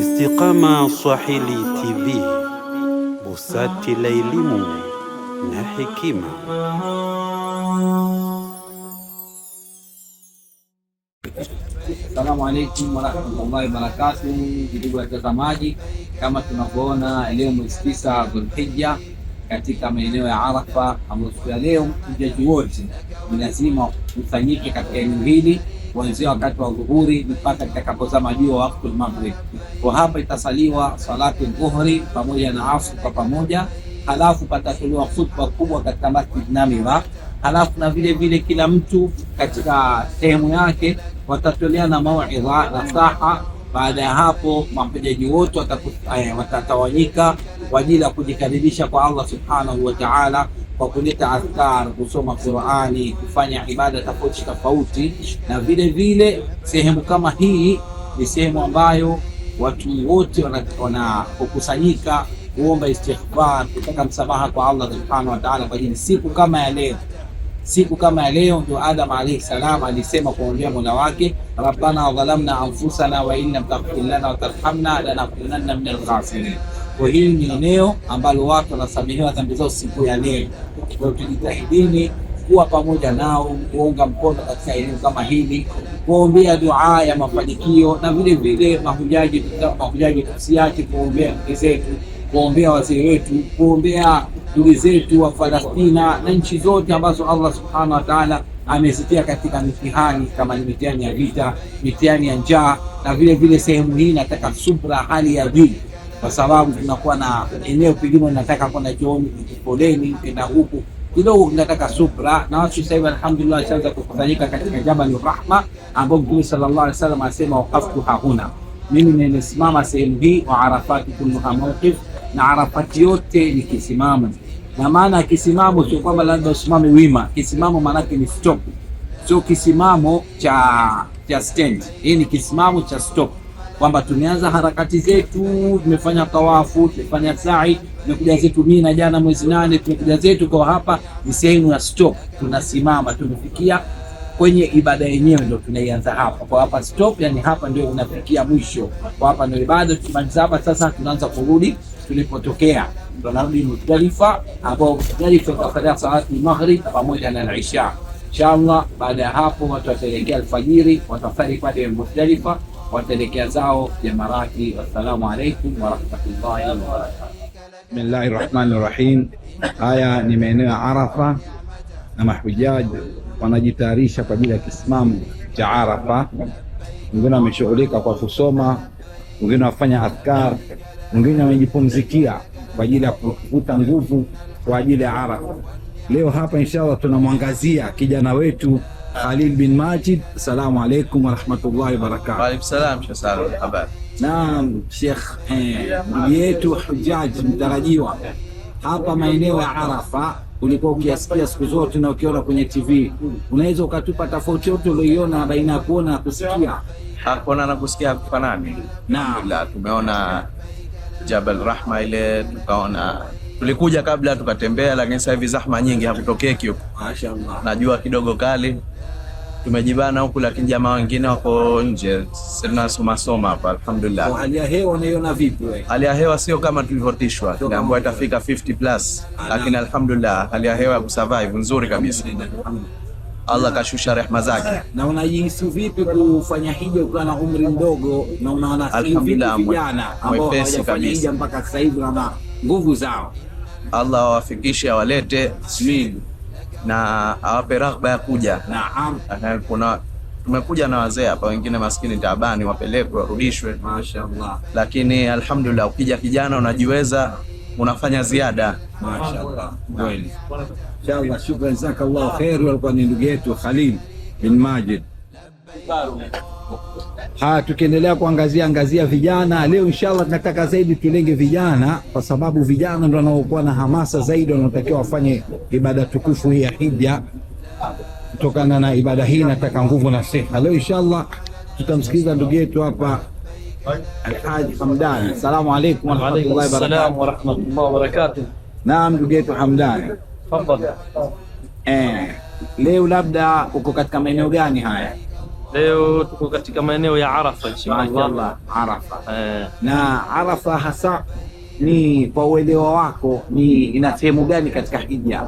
Istiqama Swahili TV, busati la elimu na hekima. Assalamu alaikum warahmatullahi wabarakatuh, ndugu watazamaji, kama tunavyoona leo mwezi tisa Dhulhijja katika maeneo ya Arafa, ya leo mjaji wote ni lazima katika eneo hili kuanzia wakati wa dhuhuri mpaka itakapozama jua wakati maghrib. Kwa hapa itasaliwa salatu dhuhuri pamoja na asr kwa pamoja, halafu patatolewa khutba kubwa katika Masjid Namira, halafu na vile vile kila mtu katika sehemu yake watatolea na mauidha na saha. Baada ya hapo mahujaji wote eh, watatawanyika kwa ajili ya kujikaribisha kwa Allah subhanahu wa ta'ala kwa kuleta adhkar, kusoma Qurani, kufanya ibada tofauti tofauti. Na vile vile sehemu kama hii ni sehemu ambayo watu wote wanapokusanyika kuomba istighfar, kutaka msamaha kwa Allah subhanahu wa ta'ala, kwa ajili siku kama ya leo. Siku kama ya leo ndio Adam alayhi salam alisema kuombea mola wake, rabbana dhalamna anfusana wa in lam taghfir lana wa tarhamna lanakunanna minal khasirin. Kwa hili ni eneo ambalo watu wanasamehewa dhambi zao siku ya leo. Kwa hiyo tujitahidini kuwa pamoja nao, kuunga mkono katika eneo kama hili, kuombea dua ya mafanikio na vile vile mahujaji, mahujaji tusiache kuombea ndugu zetu, kuombea wazee wetu, kuombea ndugu zetu wa Palestina na nchi zote ambazo Allah subhanahu wa ta'ala amezitia katika mitihani kama ni mitihani ya vita, mitihani ya njaa, na vile vile sehemu hii nataka subra hali ya juu kwa sababu tunakuwa na eneo pengine nataka kwenda chooni, foleni kwenda huku kidogo tunataka supra na watu sasa hivi alhamdulillah washaanza kukusanyika katika Jabal Rahma, ambao Mtume sallallahu alaihi wasallam asema waqaftu hahuna, mimi nimesimama sehemu hii, wa arafati kulluha mawqif, na arafati yote ni kisimamo. Na maana kisimamo sio kwamba lazima usimame wima, kisimamo maanake ni stop, sio kisimamo cha cha stand. Hii ni kisimamo cha stop kwamba tumeanza harakati zetu, tumefanya tawafu, tumefanya sa'i, tumekuja zetu Mina jana mwezi nane, tumekuja zetu kwa hapa. Ni sehemu ya stop, tunasimama, tumefikia kwenye ibada yenyewe, ndio tunaianza hapa kwa hapa stop, yani hapa ndio unafikia mwisho kwa hapa ndio ibada. tumaliza hapa sasa, tunaanza kurudi tulipotokea, tunarudi Muzdalifa, ambao Muzdalifa tutafanya salati maghrib pamoja na isha inshallah. Baada ya hapo, watu wataelekea alfajiri, watafari pale Muzdalifa watelekea zao jamarati. Assalamu alaikum warahmatullahi wabarakatu. Bismillahi rahmani rahim. Haya ni maeneo ya Arafa na mahujaji wanajitayarisha kwa ajili ya kisimamu cha Arafa. Wengine wameshughulika kwa kusoma, wengine wafanya adhkar, wengine wamejipumzikia kwa ajili ya kuvuta nguvu kwa ajili ya Arafa. Leo hapa inshallah tunamwangazia kijana wetu Khalid bin Majid, assalamu alaikum warahmatullahi wabarakatuh. Wa alaikum salam, Sheikh Salum, habari? Naam, Sheikh, eh, ndugu yetu Hujaj mtarajiwa hapa maeneo ya Arafa ulikuwa ukiasikia siku zote na ukiona kwenye TV, unaweza ukatupa tofauti yote ulioiona baina ya kuona na kusikia? Kuona na kusikia kufanani? Naam, tumeona Jabal Rahma ile, tukaona tulikuja kabla tukatembea, lakini sasa hivi zahma nyingi hakutokeki huko. Mashaallah, najua kidogo kali tumejibana huku, lakini jamaa wengine wako nje, tunasoma soma hapa alhamdulillah. So, oh, Hali ya hewa unaiona vipi wewe? Hali ya hewa sio kama tulivyotishwa, tunaambiwa itafika 50 plus, ana. lakini alhamdulillah hali ya hewa ya kusurvive nzuri kabisa. Allah kashusha rehma zake. Na unajihisi vipi kufanya hija ukiwa na umri mdogo na unaona vijana ambao hawajafanya hija mpaka sasa hivi na nguvu zao? Allah wawafikishe awalete. Amin na awape raghba ya kuja. Naam, eh, kuna tumekuja na wazee hapa, wengine maskini taabani, wapelekwe warudishwe, mashaallah. Lakini alhamdulillah, ukija kijana unajiweza, unafanya ziada, mashaallah. Kweli, inshallah. Shukran, jazakallahu khair. Walikuwa ni ndugu yetu Khalil bin Majid. Ha, tukiendelea kuangazia angazia vijana leo, inshallah tunataka zaidi tulenge vijana, kwa sababu vijana ndio wanaokuwa na hamasa zaidi, wanaotakiwa wafanye ibada tukufu hii ya hija. Kutokana na ibada hii nataka nguvu na siha. Leo inshallah tutamsikiliza ndugu yetu hapa Alhaji Hamdani. Asalamu alaykum wa rahmatullahi wa barakatuh. Naam, ndugu yetu Hamdani, tafadhali. Eh, leo labda uko katika maeneo gani haya? Leo tuko katika maeneo ya Arafa inshallah. Arafa eh. Na Arafa hasa ni kwa uelewa wako, ni ina sehemu gani katika hija?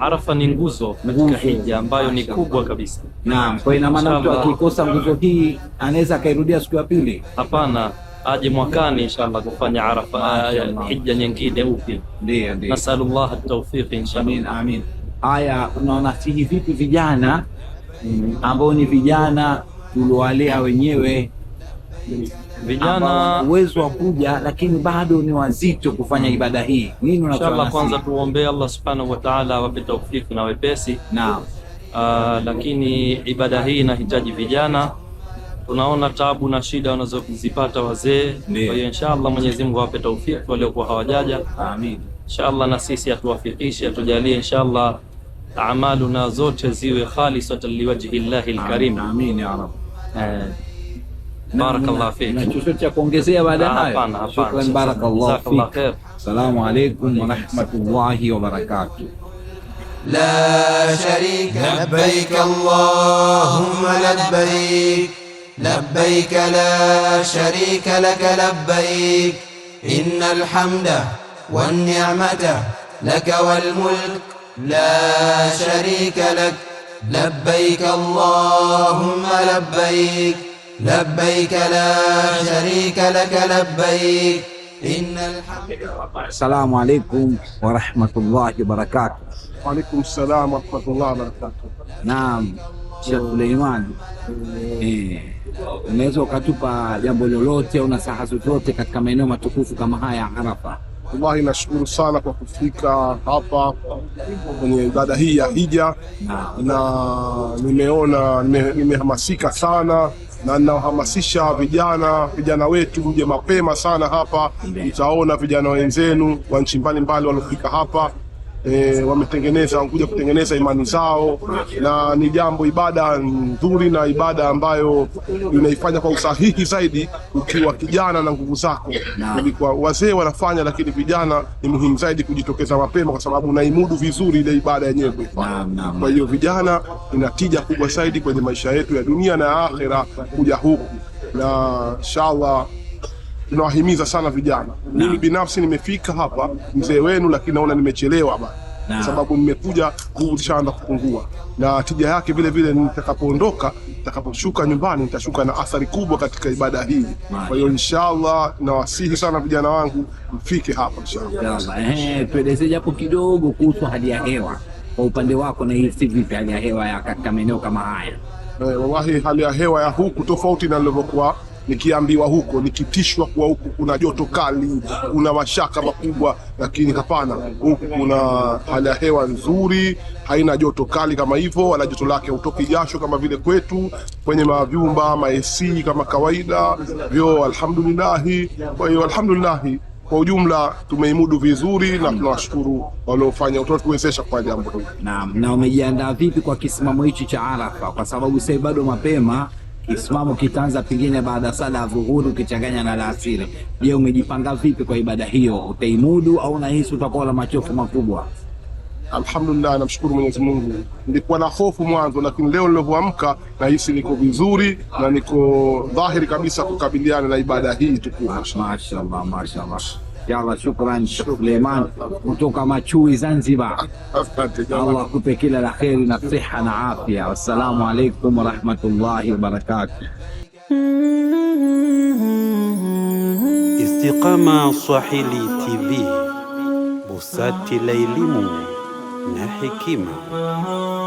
Arafa ni nguzo katika hija ambayo ni kubwa kabisa. Naam, kwa ina maana mtu akikosa nguzo hii anaweza akairudia siku ya pili? Hapana, aje mwakani inshallah kufanya Arafa eh, hija nyingine upya. Ndio, ndio. Nasalullah at-tawfiq inshallah. Amin, amin. Haya, unaona siji vipi vijana ambao ni vijana tuliowalea wenyewe vijana uwezo wa kuja lakini bado ni wazito kufanya mm. ibada hii. Nini unataka? Kwanza tuombe Allah subhanahu wa ta'ala awape taufiki na wepesi. Naam. Uh, lakini ibada hii inahitaji vijana. Tunaona tabu na shida wanazozipata wazee. Kwa hiyo inshallah Mwenyezi Mungu awape taufiki waliokuwa hawajaja. Amin. Inshallah na sisi atuwafikishe, atujalie inshallah أعمالنا زوجة زيوي خالصة لوجه الله الكريم آمين يا رب بارك الله فيك chochote kuongezea baada ya hayo shukran barakallahu الله salamu السلام عليكم ورحمة الله وبركاته لا شريك لبيك اللهم لبيك لبيك لا شريك لك لبيك إن الحمد والنعمة لك والملك لا شريك لك لبيك اللهم لبيك لبيك لا شريك لك لبيك إن الحمد السلام عليكم ورحمة الله وبركاته وعليكم السلام ورحمة الله وبركاته نعم Sheikh Suleiman, eh, unaweza ukatupa jambo lolote au nasaha zozote katika maeneo matukufu kama haya Arafa? Wallahi, nashukuru sana kwa kufika hapa kwenye ibada hii ya hija, na nimeona nimehamasika nime sana, na ninawahamasisha vijana vijana wetu mje mapema sana hapa. Mtaona vijana wenzenu wa nchi mbalimbali waliofika hapa e, wametengeneza wamekuja kutengeneza imani zao, na ni jambo ibada nzuri na ibada ambayo unaifanya kwa usahihi zaidi ukiwa kijana na nguvu zako. Kwa wazee wanafanya, lakini vijana ni muhimu zaidi kujitokeza mapema, kwa sababu unaimudu vizuri ile ibada yenyewe kuifanya. Kwa hiyo vijana, ina tija kubwa zaidi kwenye maisha yetu ya dunia na ya akhera kuja huku na inshallah tunawahimiza sana vijana. Mimi binafsi nimefika hapa mzee wenu, lakini naona nimechelewa ba kwa sababu nimekuja nguvu kupungua na tija yake vile vile. Nitakapoondoka, nitakaposhuka nyumbani, nitashuka na athari kubwa katika ibada hii. Kwa hiyo inshallah, nawasihi sana vijana wangu mfike hapa inshallah. Eh, japo kidogo kuhusu hali ya hewa kwa upande wako, na hii si vipi hali ya hewa ya katika maeneo kama haya? Eh, wallahi hali ya hewa ya huku tofauti na nilivyokuwa nikiambiwa huko, nikitishwa kuwa huku kuna joto kali, kuna mashaka makubwa, lakini hapana, huku kuna hali ya hewa nzuri, haina joto kali kama hivyo, wala joto lake utoki jasho kama vile kwetu kwenye mavyumba maesi kama kawaida vyo. Alhamdulillahi, kwa hiyo alhamdulillahi kwa ujumla tumeimudu vizuri na tunawashukuru waliofanya utatuwezesha kwa jambo hili. Naam, na umejiandaa vipi kwa kisimamo hichi cha Arafa, kwa sababu sasa bado mapema Kiislamu kitaanza pengine baada sala ya dhuhuri ukichanganya na alasiri. Je, umejipanga vipi kwa ibada hiyo? Utaimudu au unahisi utakuwa na machofu makubwa? Alhamdulillah, namshukuru Mwenyezi Mungu. Nilikuwa na hofu mwanzo, lakini leo nilivyoamka nahisi niko vizuri na niko dhahiri kabisa kukabiliana na ibada hii tukufu. Mashaallah, mashaallah. Yalla, shukran Suleiman kutoka Machui Zanzibar. Allah akupe kila la kheri na siha na afya. Wassalamu alaikum warahmatullahi wabarakatuh. Istiqama Swahili TV, busati la elimu na hekima.